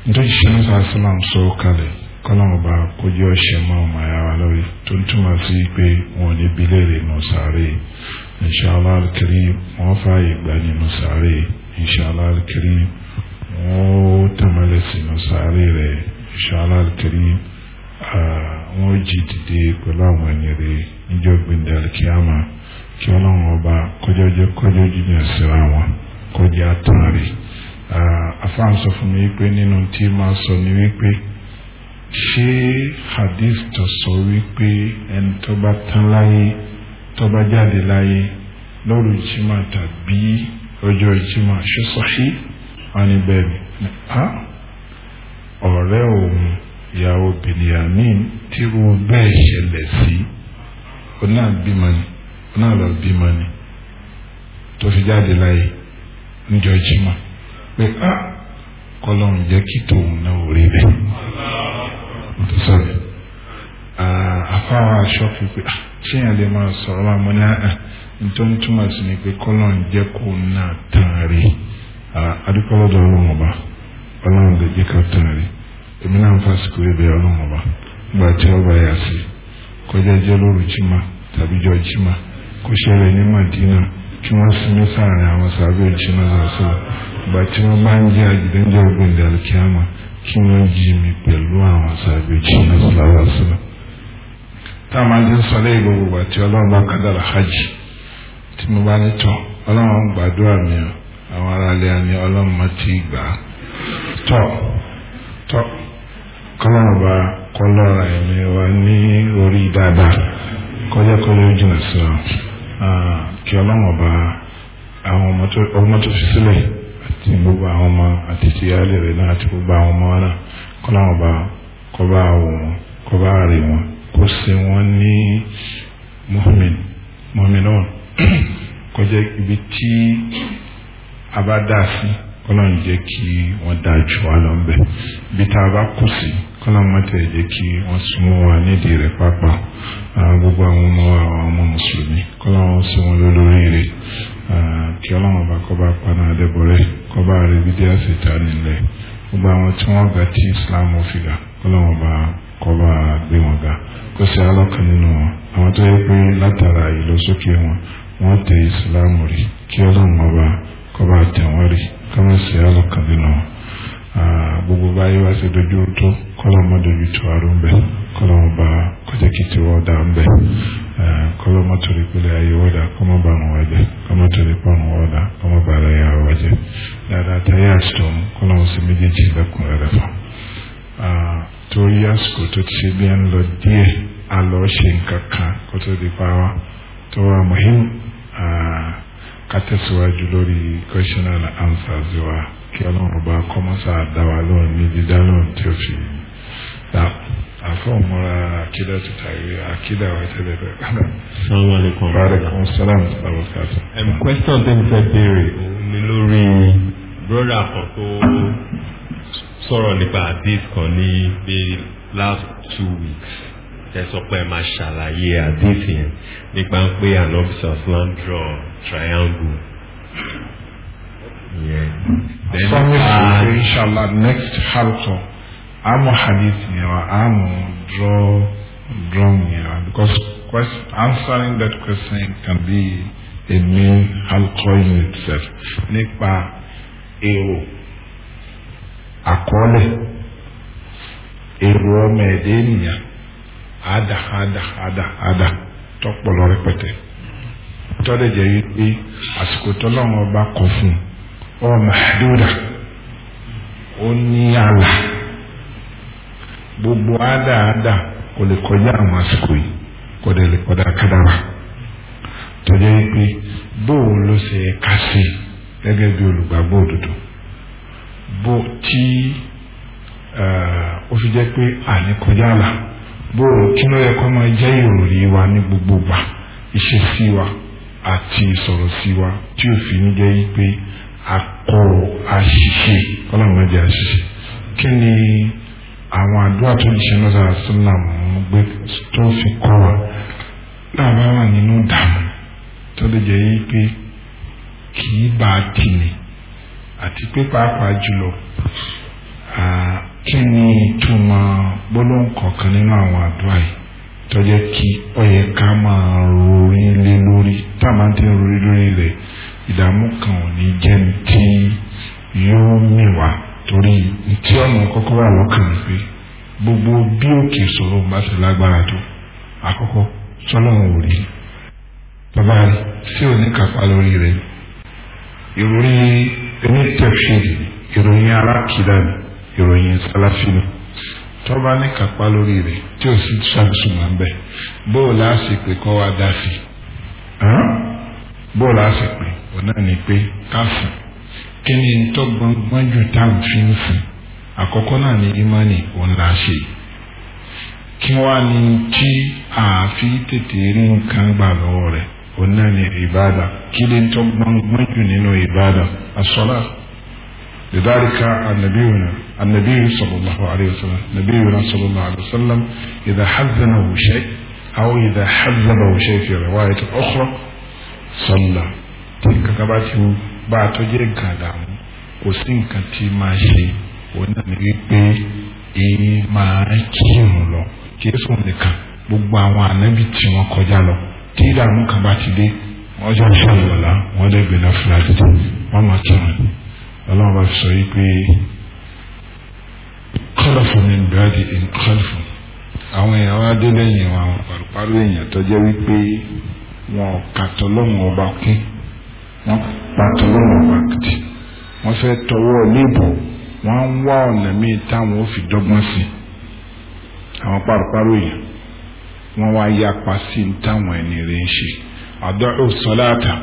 ntòjíṣẹ́ náà sàrásánà ń sọ kalẹ̀ kọ́lọ́run ọba kó jẹ́ ọ̀ṣẹ́ mọ́ ọmọ ayá wa lórí tó ń túmọ̀ sí pé wọn ò ní bilẹ̀ rẹ̀ nù sàárè inṣàlá alikiri wọn fààyè gbà nínú sàárè inṣàlá alikiri wọ́n ó tẹ̀mọ́lẹ̀ sínú sáré ala inshallah al-karim wọ́n jí dìde pẹ̀lú àwọn ẹni alikiyama kí ọlọ́run ọba kọjọ́jọ́ kọjọ́ jìnnà síra wọn kọjá tán rẹ̀ afáǹsọ fún mi pé nínú ni hadith tó sọ wípé ẹni tó bá tán láyé wọ́n ní bẹ́ẹ̀ ni ọ̀rẹ́ òun ìyàwó bìnìyàmín tírú bẹ́ẹ̀ ṣẹlẹ̀ sí onáà bímọ ni onáà lọ bímọ ni tó fi jáde láyé níjọ́ jimá pé á kọlọ́run jẹ́ kí tòun náà ò rí bẹ́ẹ̀ mo tó sọ̀rọ̀ àfáwọn aṣọ fi pé ah! ṣé yẹn lè máa sọ̀rọ̀ àmọ́ ní àná ah, ah, nítorí túmọ̀ sí ni pé kọlọ́run jẹ́ kó náà tán rí i. adúpẹ́ lọ́dọ̀ ọlọ́run ọba ọlọ́run lè jẹ́ kápítàn rí èmi náà ń fásikò ẹ̀bẹ̀ ọlọ́run ọba nígbà jọ jimá kó ṣẹlẹ̀ ní Madina kí wọ́n sinmi sáàrin àwọn sàbẹ̀ ma lọ́sọ̀ ìgbà tí wọ́n bá ń jẹ́ àjùdẹ́jọ́ mi a máa ń hajj mo gbàdúrà àwọn aráàlú àní ọlọ́mọ ti gbà á tọ́ tọ́ kọ́lọ́mọba kọ́lọ́ ẹ̀mí wa ní orí dáadáa kọjá kọjá jìnnà sí wa kí ọlọ́mọba àwọn ọmọ tó fi sílẹ̀ àti gbogbo àwọn ọmọ àti tìyálẹ̀ rẹ̀ náà àti gbogbo àwọn ọmọ náà kọ́lọ́mọba kọ́ba kọ́ba àrè wọn kó wọn ní náà kọjá ibi tí. a bá dá sí kọ́lọ́n jẹ́ kí wọ́n dá jù wá lọ bẹ̀ bí tá a bá kù sí kọ́lọ́n má tẹ̀ jẹ́ kí wọ́n súnmọ́ wa nídìí rẹ̀ pápá gbogbo àwọn ọmọ wa àwọn ọmọ mùsùlùmí kọ́lọ́n wọn sí wọn lólórí rẹ̀ kí ọlọ́run ọba kọ́ bá paná adébọ̀rẹ́ kọ́ bá rẹ̀ bí díẹ̀ sì nílẹ̀ gbogbo àwọn tí wọ́n gbà tí Islam fi gà kọ́lọ́n ọba kọ́ bá gbé wọn ga kó sì alọ́kan nínú wọn àwọn tó yẹ pé látara ìlọsókè wọn wọ́n tẹ kọba àtẹ̀wọ́rì kọ́mọ̀ sí ọlọ́kan nínú gbogbo báyìí wá sí dojú tó kọ́lọ́mọ dojú tó àrùn bẹ́ẹ̀ kọ́lọ́mọ bá kọjá kí ti wọ́ dà ń bẹ̀ kọ́lọ́mọ torí pé ayé wọ́ dà kọ́mọ bá wọn wájẹ́ kọ́mọ torí pé wọn wọ́ dà kọ́mọ bá ara yà wájẹ́ dáadáa táyé àṣọ kọ́lọ́mọ sí méjèèjì lẹ́kùn rẹ̀ fún torí àsìkò tó ti ṣe bí ẹ ń lọ díẹ̀ a ṣe nǹkan kan kó tó di pa wá tó wà mọ̀hìn ká lórí question and answers wa kí ọlọ́run bá kọ́mọ́sá àdáwà lóhùn ní dídá lóhùn tí ó fi dá àfọ̀mọ́ra àkídà tìtàrí àkídà wa tẹ́lẹ̀ bẹ́ẹ̀. Assalamu alaikum. Wa alaikum salam àbùkátà. question tó fẹ́ béèrè òun ni lórí brọ́dà kan tó sọ̀rọ̀ nípa àdéhùn kan ní pé last two weeks tẹsọ pé ẹ máa ṣàlàyé àdéhìí yẹn nípa ń pé an officer of draw triangle. Yeah. Then, uh, inshallah next halqa àmọ́ hadith yẹn I'm a draw drum yẹn because quest, answering that question can be a main halqa in itself nípa èrò àkọọ́lẹ̀ èrò ọmọ ẹ̀dẹ́ ènìyàn. Ada ada ada ada tọpọlọ rẹpẹtẹ tọ́lẹ̀ jẹ́ wípé àsìkò tọ́lọ́run ọba kọ fún ọ màdúrà ó ní àlà gbogbo àádà àádà kò lè kọjá àwọn àsìkò yìí kò lè lè kọjá kádàrà tọ́jẹ́ wípé bóun ló ṣe ká sí gẹ́gẹ́ bí olùgbàgbọ́ òdodo bó tí ó fi jẹ́ pé àní bó kí ló yẹ kó máa jẹ́ ìròrí wa ní gbogbo gbà ìṣesí wa àti ìsọ̀rọ̀ sí wa tí ò fi ní jẹ́ pé akọ àṣìṣe ọlọ́run má jẹ́ àṣìṣe kí ni àwọn àdúrà tó lè ṣe lọ́sà sílámù gbé tó fi kọ́ wa láàbá wà nínú ìdààmú tó lè jẹ́ pé kì í bá a tì ní àti pé pàápàá jùlọ kí ni ìtumọ̀ gbólóhùn kọ̀ọ̀kan nínú àwọn àdúrà yìí tó kí ọyẹ ká máa rori lé lórí tá a máa ti rori lórí rẹ̀ ìdààmú kan ò ní jẹ́ yóò mì wá torí tí ọ̀nà kọ́kọ́ gbogbo bí òkè bá lágbára tó àkọ́kọ́ sọ́lọ́run ò rí bàbá rẹ̀ sí oníkàpá lórí ìròyìn ìròyìn alákìlá ìròyìn sálàfí ni tọ́ba ní kápá lórí rẹ̀ tí ò sí ṣàbùsùnmọ̀ ń bẹ̀ bóòlù àṣepè kọ́ wa dá sí bóòlù àṣepè ọ̀nà ni pé ká sùn kí ni tó gbọ́ngbọ́n jù táwọn fi ń sùn àkọ́kọ́ náà ni ìmánì òun là á ṣe kí wàá ní tí àáfi tètè rí nǹkan gbà lọ́wọ́ rẹ̀ òun náà ni ìbádà kí ni tó gbọ́ngbọ́n jù nínú ìbádà àsọlá ìdáríkà ànàbíyùnà. النبي صلى الله عليه وسلم نبينا صلى الله عليه وسلم إذا حزنه شيء أو إذا حزبه شيء في رواية أخرى صلى تلك كباته بعد جيك دام وسين كتي ماشي ونبي بي إيه ما كيم لو كيسون لك gbogbo àwọn ànábì tí wọn kọjá lọ tí ìdààmú kan bá ti dé wọn jọ ń ṣàlùwàlá wọn lè gbé náà fúlàtì ọlọ́run bá fi sọ yìí pé kọ́lọ̀fù mi ń bẹ́ẹ̀ di kọ́lọ̀fù àwọn èèyàn wá dé lẹ́yìn àwọn pàrọ̀pàrọ̀ èèyàn tó jẹ́ wípé wọn ò kàtọ́ lọ́wọ́ ọba kún wọn pàtọ́ lọ́wọ́ ọba kìtì wọ́n fẹ́ tọwọ́ níbò wọ́n wá ọ̀nà míì táwọn ò fi dọ́gbọ́n sí àwọn pàrọ̀pàrọ̀ èèyàn wọ́n wá yapa sí táwọn ẹni rẹ̀ ń ṣe àdọ́rò sọ́láàtà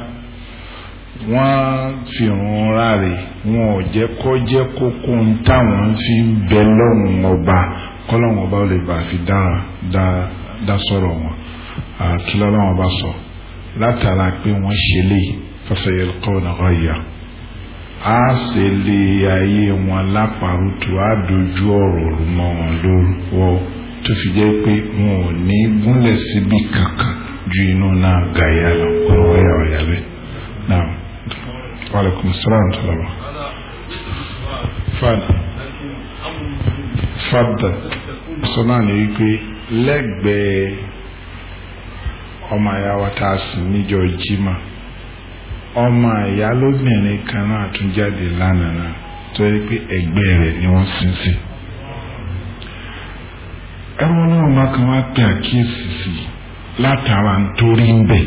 wọ́n fi rún ráre wọn ò jẹ́ kó jẹ́ kókó ń táwọn fi ń bẹ lọ́hùn ọba kọ́lọ́hùn ọba ò lè bá fi dá sọ̀rọ̀ wọn àkìlọ́ lọ́hùn ọba sọ látara pé wọ́n ṣe lè fẹsẹ̀ kọ́ ọ̀nà ọ̀yà á ṣe lè ayé wọn lápárùtù á dojú ọ̀rọ̀ mọ́ wọn lọ́wọ́ tó fi jẹ́ pé wọn ò ní gúnlẹ̀ síbi kankan ju inú náà gàyà lọ kọ́ ọ̀yà ọ̀yà bẹ́ẹ̀. وعليكم السلام ورحمة الله وبركاته fada sọ náà ni wípé lẹ́gbẹ̀ẹ́ ọmọ àyà ma ya a sìn níjọ́ jimá ọmọ àyà lóbìnrin kan náà tún jáde pé ni sí. ẹ̀wọ̀n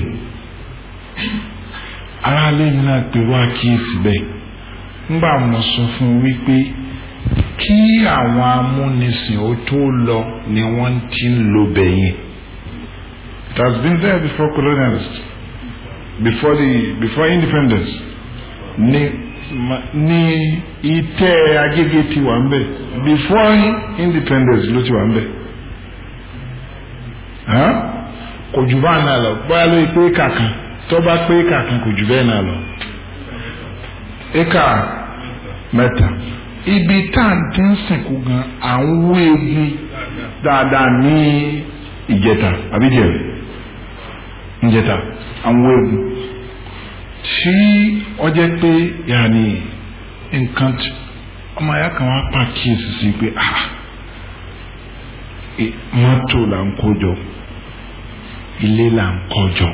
aráalé mi náà pè wá kíyèsí bẹ́ẹ̀ ńgbà mo sọ fún un wípé kí àwọn amúnisìn ó tó lọ ni wọ́n ti ń lo bẹ̀yìn it has been there before colonialists before the before independence ni ni ìtẹ́ Agége ti wà ń bẹ̀ before independence ló ti wà ń bẹ̀ kò jù bá náà lọ ló yẹ pé tó bá pé éka kan jù bẹ́ẹ̀ náà lọ éka mẹ́ta ibi tá à ti ń sìnkú gan à ń wú egun dáadáa ní ìjẹta àbí jẹrẹ ìjẹta à ń wú egun tí ọjẹ́ pé yàní nǹkan ọmọ ayá kan wá sí pé ah mọ́tò là ń kó jọ ilé là ń jọ.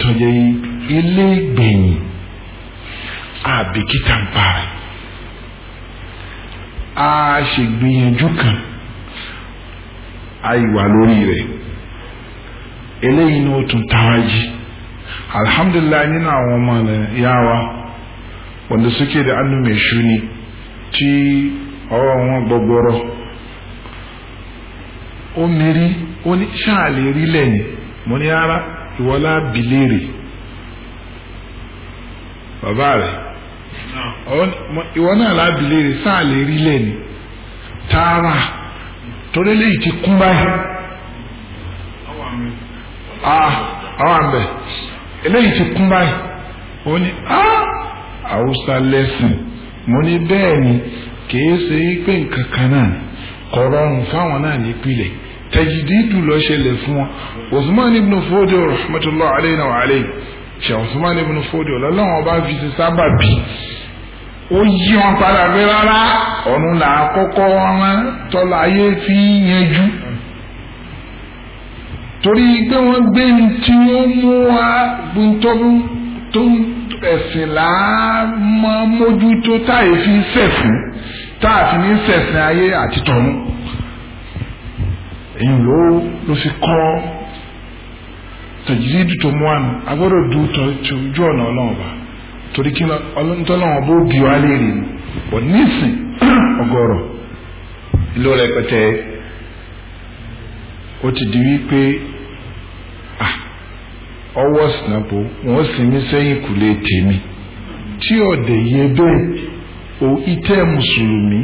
tɔnjɛ yi ele a bi kita a se gbɛnyanju kan ayi wa lori rɛ ele yi ni o tun taara na awon ma na yawa wanda suke da annu mai shuni ti awon wọn gbogboro o miri o ni sa le ri lɛ mo ni ara. ìwọ lábì léèrè bàbá rẹ̀ ìwọ náà lábì léèrè sáà lè rí lẹ́ni tààrà torí léyìí ti kún báyìí àwọn àbẹ̀ eléyìí ti mo ni tajididu ló ṣẹlẹ̀ fún wọn Usman ibn Fodio rahmatullahi alayhi wa alayhi ṣe Usman ibn Fodio lọ́lọ́wọ́n bá fi ṣe sábàbí ó yí wọn padà bí rárá ọ̀run là á kọ́kọ́ wọn tọ́lá ayé fi ń yanjú torí pé wọ́n gbé ní tí wọ́n mú wa gbóntọ́rú tó ń ẹ̀sìn là á mọ mójútó táyé fi ń sẹ̀sìn táà fi ní sẹ̀sìn ayé àti tọ̀run èyí ló ló fi kọ́ tẹ̀jídì tó mú àná agbọ́dọ̀ du ojú ọ̀nà ọlọ́run ọba torí kí ọlọ́run ọba ó bí wa léèrè ni wọ́n nísìn ọgọ́rọ̀ ìlú rẹpẹtẹ ó ti di wípé ah, ọwọ́ sinapo wọ́n sì mí sẹ́yìn kùlé tèmi tí ọ̀dẹ̀ yẹ bẹ́ẹ̀ o ìtẹ́ mùsùlùmí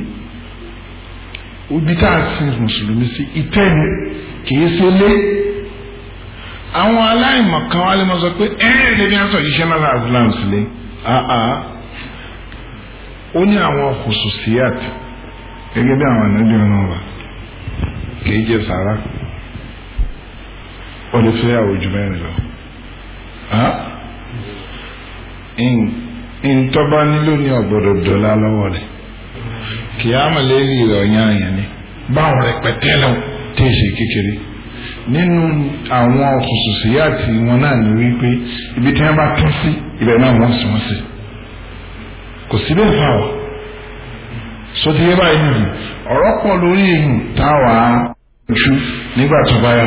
obi tá a sin mùsùlùmí sí ìtẹ́ ni kìí ṣe lé àwọn aláìmọ̀kan wa lè mọ sọ pé ẹ̀ẹ́dẹ̀ lè ní àtọ̀ yíṣẹ́ náà islam sílẹ̀ àá ó ní àwọn khususiyat gẹ́gẹ́ bí àwọn ànábì ọ̀nà wa kìí jẹ sàrà ó lè fẹ́ àwòjú mẹ́rin lọ ntọ́ba nílò ní ọ̀gbọ́dọ̀ dọ́là lọ́wọ́ rẹ̀ kìyàmà lẹ́yìn rẹ̀ ọ̀yàn àyàn ni báwọn rẹpẹtẹ lọ tí ì ṣe kékeré nínú àwọn ọ̀sọ̀sọ̀sọ̀ yá àti wọn náà ní wípé ibi tí wọ́n bá tún sí ibẹ̀ náà wọ́n sì wọ́n sí kò sí bẹ́ẹ̀ fà wá sọtí yẹ báyìí nìyí ọ̀rọ̀ pọ̀ lórí ìhùn táwa ju nígbà tó bá yá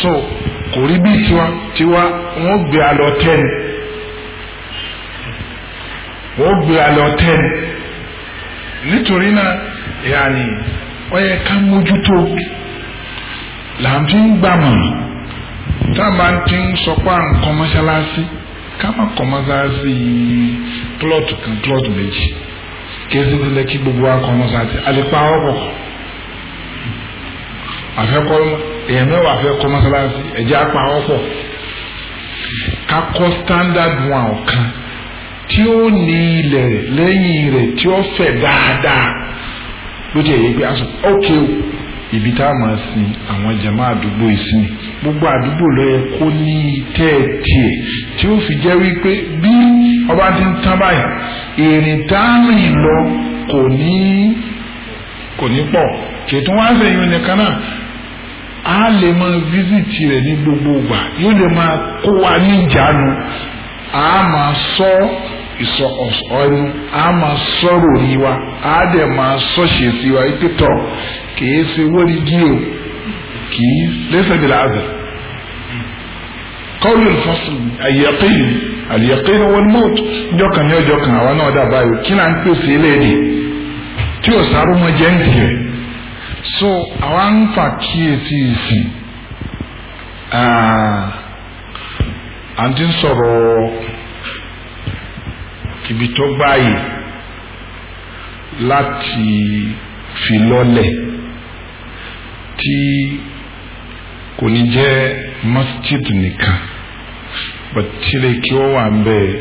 so kò rí bí tiwa tiwa wọ́n gbé alọ tẹ́ni wọ́n gbé alọ tẹ́ni nítorí náà yàní ó yẹ ká mójútó là ń fi ń gbàmọ̀ tá a máa ti ń sọpá nǹkan mọ́ṣáláṣí ká má kọ́ mọ́ṣáláṣí plọ̀tù kan plọ̀tù méjì kí ẹsẹ̀ ti lẹ kí gbogbo wa kọ́ mọ́ṣáláṣí àlepa ọ̀pọ̀ àfẹ́kọ́ èèyàn mẹ́wàá àfẹ́kọ́ mọ́ṣáláṣí ẹ̀jẹ̀ apá ọ̀pọ̀ ká kọ́ standard one ọ̀kan tí ó ní ilẹ̀ lẹ́yìn rẹ̀ tí ó fẹ̀ dáadáa ló jẹ́ èyí pé a sọ ok ibi tá a máa sin àwọn jama àdúgbò ìsìn gbogbo àdúgbò ló yẹ kó ní tẹ́ẹ̀tìẹ̀ tí ó fi jẹ́ wípé bí ọba ti ń tán báyìí ìrìn tá a rìn lọ kò ní kò ní pọ̀ kìtún wá sẹ́yìn nìkan náà a lè máa físìtì rẹ̀ ní gbogbo ìgbà yóò lè máa kó wa ní ìjánu a máa sọ ìsọ ọ̀nu a máa sọ̀rọ̀ òní wa a dẹ̀ máa sọ̀ṣẹ̀ sí wa ipe tọ̀ kìí ṣe wọ́ọ̀dì jí o kìí lẹ́sẹ̀ bí láàzà. kọ́ọ̀lù ìfọ́sùn àyẹ̀kìn àyẹ̀kìn wọn mọ́ọ̀tù jọkàn ní ọjọ́ kan àwa náà dàbá yìí kí náà ń pèsè eléyìí tí ò sáré wọn jẹ́ ń tiẹ̀. so àwa ń fà kíyèsí ìsìn àǹtí ń sọ̀rọ̀ ibi tó gbáàyè láti fi lọ́lẹ̀ tí kò ní jẹ́ masjid nìkan bàtílẹ̀ kí ó wà ń bẹ́ẹ̀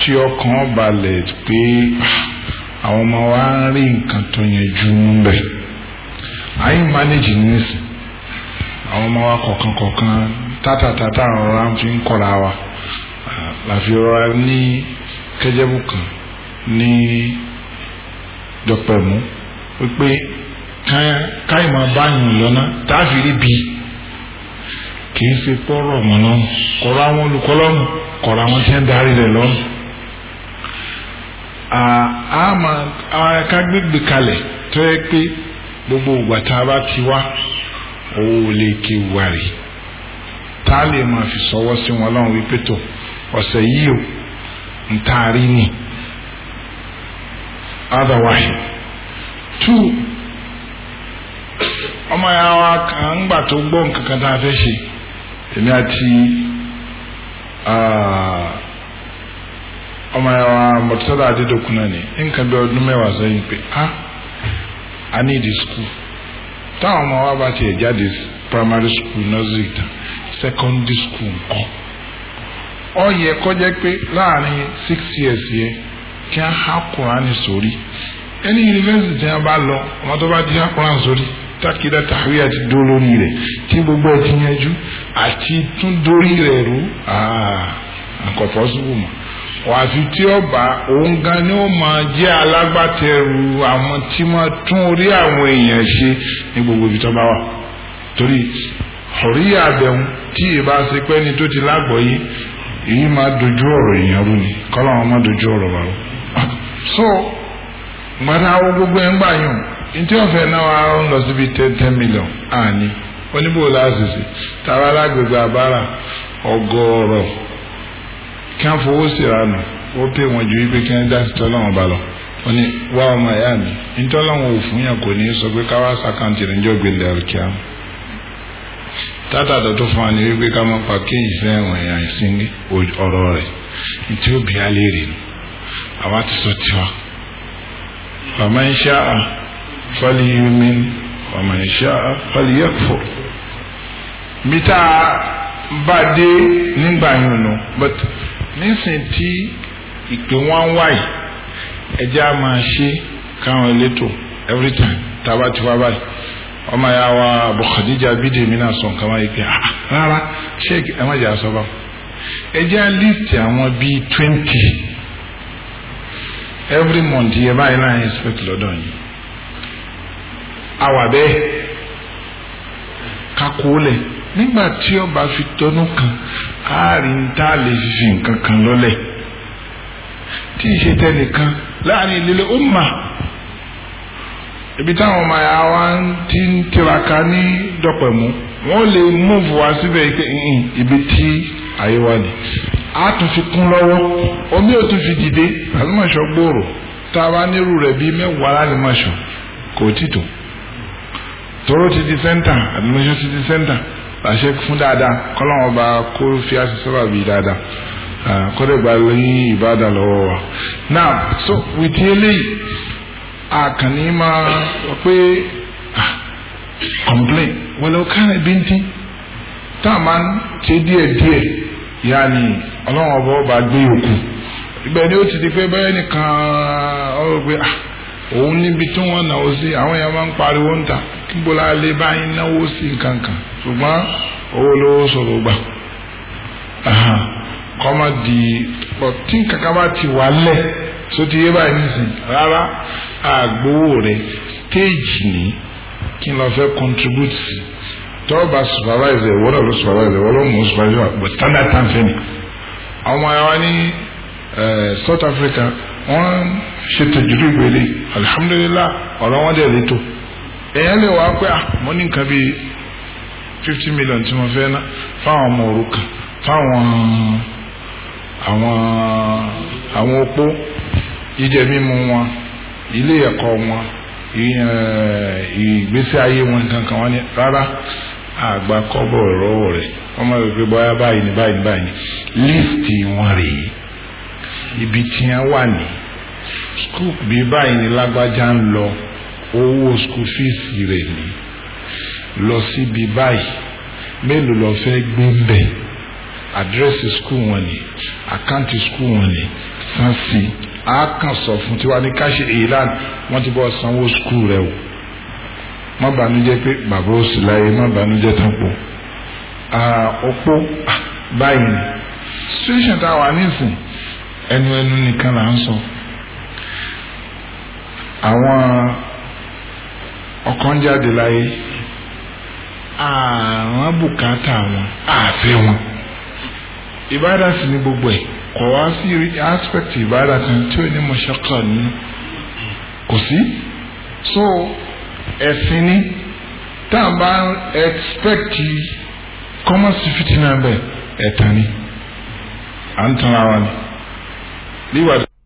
tí ọkàn balẹ̀ pé àwọn ọmọ wa ń rí nǹkan tó yẹn jù ń bẹ̀ àyè manage nísìn àwọn ọmọ wa kọ̀ọ̀kan kọ̀ọ̀kan tátàtátà ọ̀rọ̀ à ń fi ń kọ̀ra wa làfi rọra ní kẹjẹbù kan ní dọ̀pẹ̀mú wípé káyì máa bá yàn lọ́nà táàfì bi kì í ṣe pọ́rọ̀ mọ́ lọ́rùn kọ̀rọ̀ àwọn olùkọ́ lọ́rùn àwọn tí ń darí rẹ̀ lọ́rùn. a máa ká gbégbé kalẹ̀ tó yẹ pé gbogbo ìgbà tá a bá ti wá owó lè ké wá rè tá a lè máa fi sọwọ́ sí wọn lọ́rùn wípé tó ọ̀sẹ̀ yìí o. ntaari ni ada two ọmọ ya wa kan ngbà tó gbọ́ nǹkan kan tá a fẹ́ ṣe èmi àti ọmọ ya wa mọ̀tọ́dá adédokun náà ni bí ọdún pé i need a school táwọn ọmọ wa bá tiẹ̀ jáde primary school nursery secondary school nǹkan. ó yẹ kó jẹ́ pé láàrin six years yẹ kí a há kùránì sórí ẹni yunifásitì tí a bá lọ ọmọ tó bá ti há kùránì sórí tákìdá tàwí àti dó lórí rẹ̀ tí gbogbo ẹ̀ ti yanjú àti tún dórí rẹ̀ rú ah, nǹkan pọ́sibú mọ́ wàfi tí ó bá òun gan ni ó máa jẹ́ alágbàtẹrù àwọn tí máa tún orí àwọn èèyàn ṣe ní gbogbo ibi tó bá wà torí ọ̀rí àbẹ̀wò tí ìbá ṣe pẹ́ ni tó ti lágbọ̀ọ́yé èyí máa dojú ọ̀rọ̀ èèyàn rú ni kọ́lọ́wọ́n máa dojú ọ̀rọ̀ wa so gbadá awo gbogbo ẹ̀ ń gbà yùn ntí ọ̀fẹ́ náà wà á lọ síbi ten ten million àní oníbò láàṣìṣe tààrà alágbègbè àbára ọgọ́ọ̀rọ̀ kí fowó sí ó pè wọ́n ju wípé kí wọ́n dá sí tọ́lọ́wọ́n ba lọ wọ́n ní wá ọmọ ìyá mi ntọ́lọ́wọ́n òfun yẹn kò ní sọ pé káwá tátàtà tó fún wa ní wípé ká máa pa kéyìí sẹ́wọ̀n ẹ̀yà ìsìn ọ̀rọ̀ rẹ̀ tí ó bí a léèrè nù àwa ti sọ tiwa. Bàmá ń a fọ́lì yìí mi bàmá ń a fọ́lì yẹ fọ́. Bí tá a bá dé nígbà yìí nù but nísìnyí tí ìpè wọn wáyé ẹjẹ́ a máa ṣe káwọn elétò every time tá a bá ti wá báyìí ọmọ ya wa Abu Khadija Bidemi náà sọ nǹkan wáyé pé ah, ah, rárá sheik ẹ má jẹ́ àsọ́bà ẹ jẹ́ list àwọn bíi twenty every month yẹ báyìí láyé expect lọ́dọ̀ yìí àwà bẹ́ẹ̀ kakúlẹ̀ nígbà tí ọba fi tọ́nú kan àárín tá a lè fi nǹkan kan lọ́lẹ̀ tí ì tẹnìkan láàrin ìlú ó ibi táwọn ọmọ ya wa ti ń tiraka ní dọ̀pẹ̀mú wọ́n lè múùfù wá síbẹ̀ ibi tí ayé wa ni a tún fi kún lọ́wọ́ omi ò tún fi dìde àlùmọ̀ṣọ́ gbòòrò tá a bá nírú rẹ̀ bíi mẹ́wàá lálùmọ̀ṣọ́ kò tìtò tóró ti di sẹ́ńtà àlùmọ̀ṣọ́ ti di sẹ́ńtà àṣẹ fún dáadáa kọ́lọ́wọ́n bá kó fi àṣìṣe wà bíi dáadáa kọ́dẹ̀ bá lóyún ìbádà lọ́wọ́ wa now so wìtí eléyìí àkànní máa sọ pé complain wọlé ọkà rẹ bí n tí tá a máa ń ṣe díẹ̀ díẹ̀ yá ni ọlọ́run ọba ọba gbé yòókù ibẹ̀ ni ó ti di pé bẹ́ẹ̀ nìkan ọ̀rọ̀ pé òun níbi tí wọ́n náwó sí àwọn èèyàn máa ń pariwo ń ta kí bọ́lá lè báyìí náwó sí nǹkan ṣùgbọ́n owó lówó sọ̀rọ̀ gbà kọ́mọ di tí nǹkan kan bá ti wà lẹ̀ sóti yé nìsín rárá àgbowó rẹ̀ péèjì ní kí n lọ fẹ́ contribute sí tọ́ọ̀bà supervisor ìwọ́n náà ló supervisor ìwọ́n ló mú supervisor but standard time fẹ́ ni àwọn ará ní South Africa wọ́n ṣètò ìjùlọ ìgbèlè alhamdulillah ọ̀rọ̀ wọn dẹ̀ lẹ́tọ̀ èèyàn lè wá pé ah, mo ní nǹkan bíi fifty million tí wọ́n fẹ́ ná fáwọn ọmọ òrukàn fáwọn àwọn àwọn opó jíjẹ mímu wọn ilé ẹ̀kọ́ wọn ìgbésí ayé wọn kankan wọn ni rárá àgbà kọ́bọ̀ lọ́wọ́ rẹ̀ wọ́n máa wípé bóyá báyìí ni báyìí ni báyìí lífìtì wọn rèé ibi tí wọ́n wà ní skul bí báyìí ni lágbájá ń lọ owó skul fíìsì rẹ̀ ní lọ síbi báyìí mélòó lọ fẹ́ gbé ń bẹ̀ àdírẹ́sì skul wọn ni àkáǹtì skul wọn ni sáǹsì a kàn sọ fún tiwa ní káṣí ìlànà wọ́n ti bọ́ sanwó skul rẹ o má bànújẹ́ pé bàbá òsì láyé má bànújẹ́ tán pọ̀ òpó báyìí ni situation tá a wà nísìn ẹnu ẹnu nìkan là ń sọ àwọn ọkàn jáde láyé àwọn bùkátà wọn àfẹ wọn ìbádà sì ni gbogbo ẹ̀ kò wá sí aspect ìbára kan tí ó ní mọ̀ṣáká nínú kò sí so ẹ̀sìn ni tá a bá expect kọ́mọ̀sì fitinà bẹ́ẹ̀ ẹ̀tàn ni à ń tan ara wa ni.